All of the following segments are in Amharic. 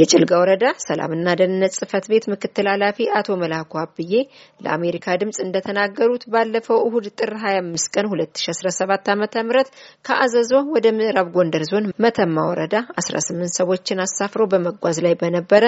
የጭልጋ ወረዳ ሰላምና ደህንነት ጽህፈት ቤት ምክትል ኃላፊ አቶ መላኩ አብዬ ለአሜሪካ ድምፅ እንደተናገሩት ባለፈው እሁድ ጥር 25 ቀን 2017 ዓ ም ከአዘዞ ወደ ምዕራብ ጎንደር ዞን መተማ ወረዳ 18 ሰዎችን አሳፍሮ በመጓዝ ላይ በነበረ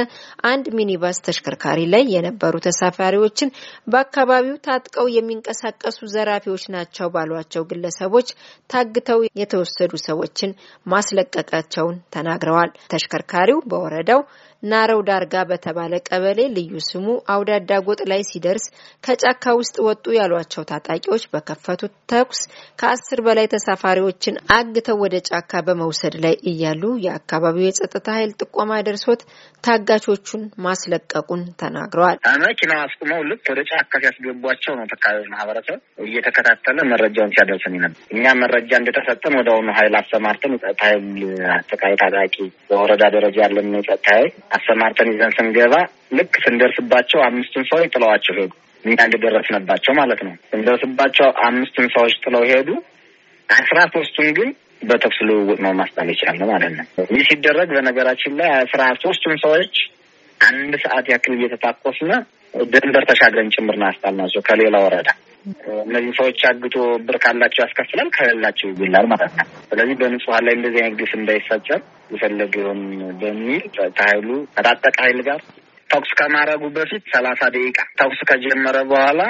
አንድ ሚኒባስ ተሽከርካሪ ላይ የነበሩ ተሳፋሪዎችን በአካባቢው ታጥቀው የሚንቀሳቀሱ ዘራፊዎች ናቸው ባሏቸው ግለሰቦች ታግተው የተወሰዱ ሰዎችን ማስለቀቃቸውን ተናግረዋል። ተሽከርካሪው በወረዳ video ናረው ዳርጋ በተባለ ቀበሌ ልዩ ስሙ አውዳዳ ጎጥ ላይ ሲደርስ ከጫካ ውስጥ ወጡ ያሏቸው ታጣቂዎች በከፈቱት ተኩስ ከአስር በላይ ተሳፋሪዎችን አግተው ወደ ጫካ በመውሰድ ላይ እያሉ የአካባቢው የጸጥታ ኃይል ጥቆማ ደርሶት ታጋቾቹን ማስለቀቁን ተናግረዋል። መኪና አስቁመው ልክ ወደ ጫካ ሲያስገቧቸው ነው ተካባቢ ማህበረሰብ እየተከታተለ መረጃውን ሲያደርሰን ነበር። እኛ መረጃ እንደተሰጠን ወደ አሁኑ ኃይል አሰማርተን ጸጥታ ኃይል ታጣቂ በወረዳ ደረጃ ያለን ጸጥታ ኃይል አሰማርተን ይዘን ስንገባ ልክ ስንደርስባቸው አምስቱን ሰዎች ጥለዋቸው ሄዱ። እኛ እንደደረስነባቸው ማለት ነው። ስንደርስባቸው አምስቱን ሰዎች ጥለው ሄዱ። አስራ ሶስቱን ግን በተኩስ ልውውጥ ነው ማስጣል ይችላል ማለት ነው። ይህ ሲደረግ በነገራችን ላይ አስራ ሶስቱን ሰዎች አንድ ሰዓት ያክል እየተታኮስነ ድንበር ተሻግረን ጭምር ናስጣል ናቸው ከሌላ ወረዳ እነዚህ ሰዎች አግቶ ብር ካላቸው ያስከፍላል፣ ከሌላቸው ይላል ማለት ነው። ስለዚህ በንጹሀን ላይ እንደዚህ አይነት ግፍ እንዳይፈጸም የፈለገውን በሚል ከሀይሉ ከታጠቀ ሀይል ጋር ተኩስ ከማድረጉ በፊት ሰላሳ ደቂቃ ተኩስ ከጀመረ በኋላ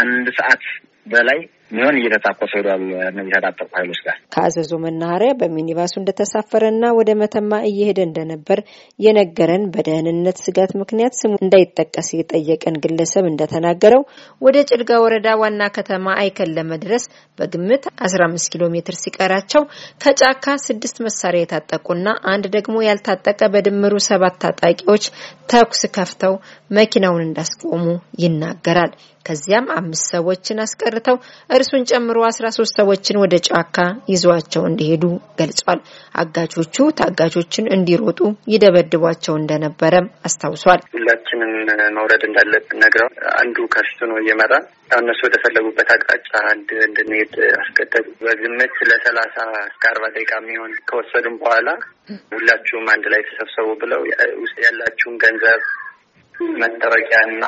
አንድ ሰዓት በላይ ሚሆን እየተታኮሰ ሄዷል። እነዚህ ታጣጠቁ ኃይሎች ጋር ከአዘዞ መናኸሪያ በሚኒባሱ እንደተሳፈረና ወደ መተማ እየሄደ እንደነበር የነገረን በደህንነት ስጋት ምክንያት ስሙ እንዳይጠቀስ የጠየቀን ግለሰብ እንደተናገረው ወደ ጭልጋ ወረዳ ዋና ከተማ አይከን ለመድረስ በግምት አስራ አምስት ኪሎ ሜትር ሲቀራቸው ከጫካ ስድስት መሳሪያ የታጠቁና አንድ ደግሞ ያልታጠቀ በድምሩ ሰባት ታጣቂዎች ተኩስ ከፍተው መኪናውን እንዳስቆሙ ይናገራል። ከዚያም አምስት ሰዎችን አስቀርተው እርሱን ጨምሮ አስራ ሶስት ሰዎችን ወደ ጫካ ይዟቸው እንደሄዱ ገልጿል። አጋቾቹ ታጋቾችን እንዲሮጡ ይደበድቧቸው እንደነበረም አስታውሷል። ሁላችንም መውረድ እንዳለብን ነግረው አንዱ ከፊቱ ነው እየመራ ያው እነሱ ወደፈለጉበት አቅጣጫ አንድ እንድንሄድ አስገደዱ። በግምት ለሰላሳ እስከ አርባ ደቂቃ የሚሆን ከወሰዱም በኋላ ሁላችሁም አንድ ላይ ተሰብሰቡ ብለው ውስጥ ያላችሁን ገንዘብ መጠረቂያና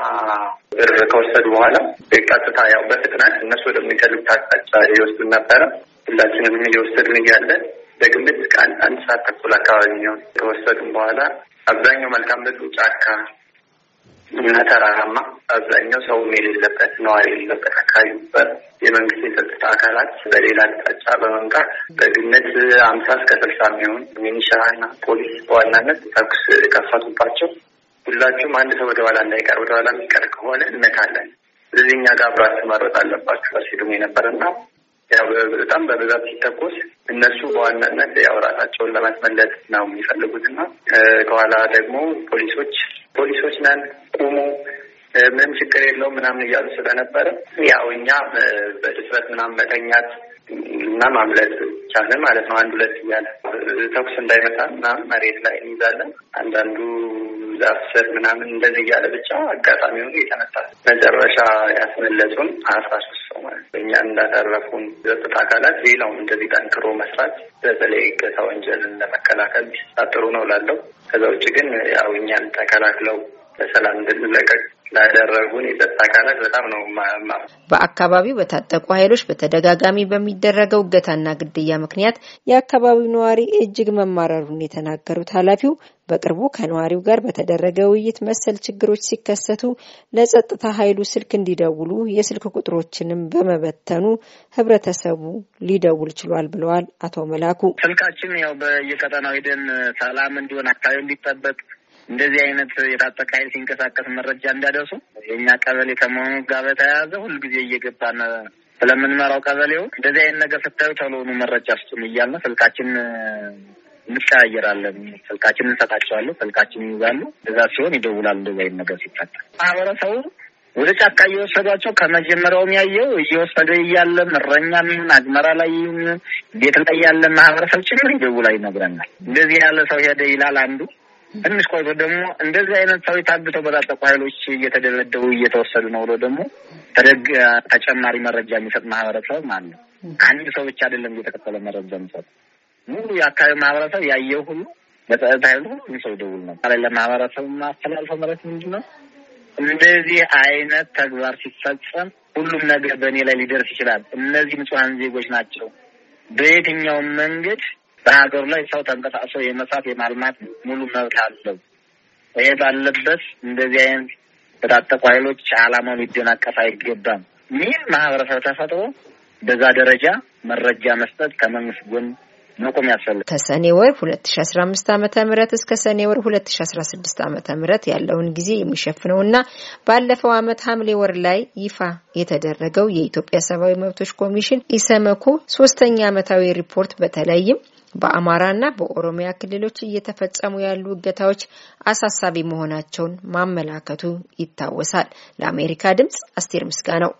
ብር ከወሰዱ በኋላ በቀጥታ ያው በፍጥነት እነሱ ወደሚገሉት አቅጣጫ ይወስዱ ነበረ። ሁላችንም እየወሰድን እያለን በግምት ቀን አንድ ሰዓት ተኩል አካባቢ የሚሆን ከወሰዱም በኋላ አብዛኛው መልካም ምድሩ ጫካ እና ተራራማ አብዛኛው ሰው የሌለበት ነዋሪ የሌለበት አካባቢ ነበር። የመንግስት የጸጥታ አካላት በሌላ አቅጣጫ በመምጣት በግምት አምሳ እስከ ስልሳ የሚሆን ሚኒሻና ፖሊስ በዋናነት ተኩስ ከፈቱባቸው። ሁላችሁም አንድ ሰው ወደ ኋላ እንዳይቀር ወደ ኋላ የሚቀር ከሆነ እነካለን። ስለዚህ እኛ ጋር አብራችሁ መሮጥ አለባችሁ ሲሉም የነበረና ያው በጣም በብዛት ሲተኮስ እነሱ በዋናነት ያው ራሳቸውን ለማስመለጥ ነው የሚፈልጉትና ከኋላ ደግሞ ፖሊሶች ፖሊሶች ነን ቁሙ ምንም ችግር የለውም ምናምን እያሉ ስለነበረ ያው እኛ በድፍረት ምናምን መተኛት እና ማምለጥ ቻለ ማለት ነው። አንድ ሁለት እያለ ተኩስ እንዳይመታ ምናምን መሬት ላይ እንይዛለን። አንዳንዱ ዛፍ ስር ምናምን እንደዚህ እያለ ብቻ አጋጣሚ ሆኖ የተነሳ መጨረሻ ያስመለጡን አስራ ሶስት ሰው ማለት እኛ እንዳተረፉን ጸጥታ አካላት ሌላውም እንደዚህ ጠንክሮ መስራት በተለይ ገታ ወንጀልን ለመከላከል ቢሰራ ጥሩ ነው ላለው። ከዛ ውጭ ግን ያው እኛን ተከላክለው በሰላም እንድንለቀቅ ላደረጉን የጸጥታ አካላት በጣም ነው ማማ በአካባቢው በታጠቁ ኃይሎች በተደጋጋሚ በሚደረገው እገታና ግድያ ምክንያት የአካባቢው ነዋሪ እጅግ መማረሩን የተናገሩት ኃላፊው በቅርቡ ከነዋሪው ጋር በተደረገ ውይይት መሰል ችግሮች ሲከሰቱ ለጸጥታ ኃይሉ ስልክ እንዲደውሉ የስልክ ቁጥሮችንም በመበተኑ ህብረተሰቡ ሊደውል ችሏል ብለዋል አቶ መላኩ። ስልካችን ያው በየቀጠናው ሄደን ሰላም እንዲሆን አካባቢ እንዲጠበቅ እንደዚህ አይነት የታጠቀ ኃይል ሲንቀሳቀስ መረጃ እንዳደርሱ የእኛ ቀበሌ ከመሆኑ ጋር በተያያዘ ሁልጊዜ እየገባን ስለምንመራው ቀበሌው እንደዚህ አይነት ነገር ስታዩ ተለሆኑ መረጃ ስጡን እያልን ስልካችን እንቀያየራለን። ስልካችን እንሰጣቸዋለን። ስልካችን ይይዛሉ። እዛ ሲሆን ይደውላሉ። እንደዚህ አይነት ነገር ሲፈጠር ማህበረሰቡ ወደ ጫካ እየወሰዷቸው ከመጀመሪያውም ያየው እየወሰደ እያለ እረኛም አግመራ ላይ ቤት ላይ ያለ ማህበረሰብ ጭምር ይደውላ ይነግረናል። እንደዚህ ያለ ሰው ሄደ ይላል አንዱ ትንሽ ቆይቶ ደግሞ እንደዚህ አይነት ሰው ታግተው በታጠቁ ኃይሎች እየተደበደቡ እየተወሰዱ ነው ብሎ ደግሞ ተደግ ተጨማሪ መረጃ የሚሰጥ ማህበረሰብ ማለት ነው። አንድ ሰው ብቻ አይደለም እየተከተለ መረጃ የሚሰጥ ሙሉ የአካባቢ ማህበረሰብ ያየው ሁሉ በጸጥታ ኃይሉ ሁሉም ሰው ይደውል ነው ላይ ለማህበረሰብ ማስተላልፈው መረት ምንድን ነው? እንደዚህ አይነት ተግባር ሲፈጸም ሁሉም ነገር በእኔ ላይ ሊደርስ ይችላል። እነዚህ ንጹሐን ዜጎች ናቸው። በየትኛውም መንገድ በሀገሩ ላይ ሰው ተንቀሳቅሶ የመስራት የማልማት ሙሉ መብት አለው። ይሄ ባለበት እንደዚህ አይነት በታጠቁ ኃይሎች አላማው ሊደናቀፍ አይገባም። ይህ ማህበረሰብ ተፈጥሮ በዛ ደረጃ መረጃ መስጠት ከመንግስት ጎን መቆም ያስፈልጋል። ከሰኔ ወር ሁለት ሺ አስራ አምስት ዓመተ ምህረት እስከ ሰኔ ወር ሁለት ሺ አስራ ስድስት ዓመተ ምህረት ያለውን ጊዜ የሚሸፍነውና ባለፈው ዓመት ሐምሌ ወር ላይ ይፋ የተደረገው የኢትዮጵያ ሰብአዊ መብቶች ኮሚሽን ኢሰመኮ ሶስተኛ ዓመታዊ ሪፖርት በተለይም በአማራና በኦሮሚያ ክልሎች እየተፈጸሙ ያሉ እገታዎች አሳሳቢ መሆናቸውን ማመላከቱ ይታወሳል። ለአሜሪካ ድምጽ አስቴር ምስጋ ነው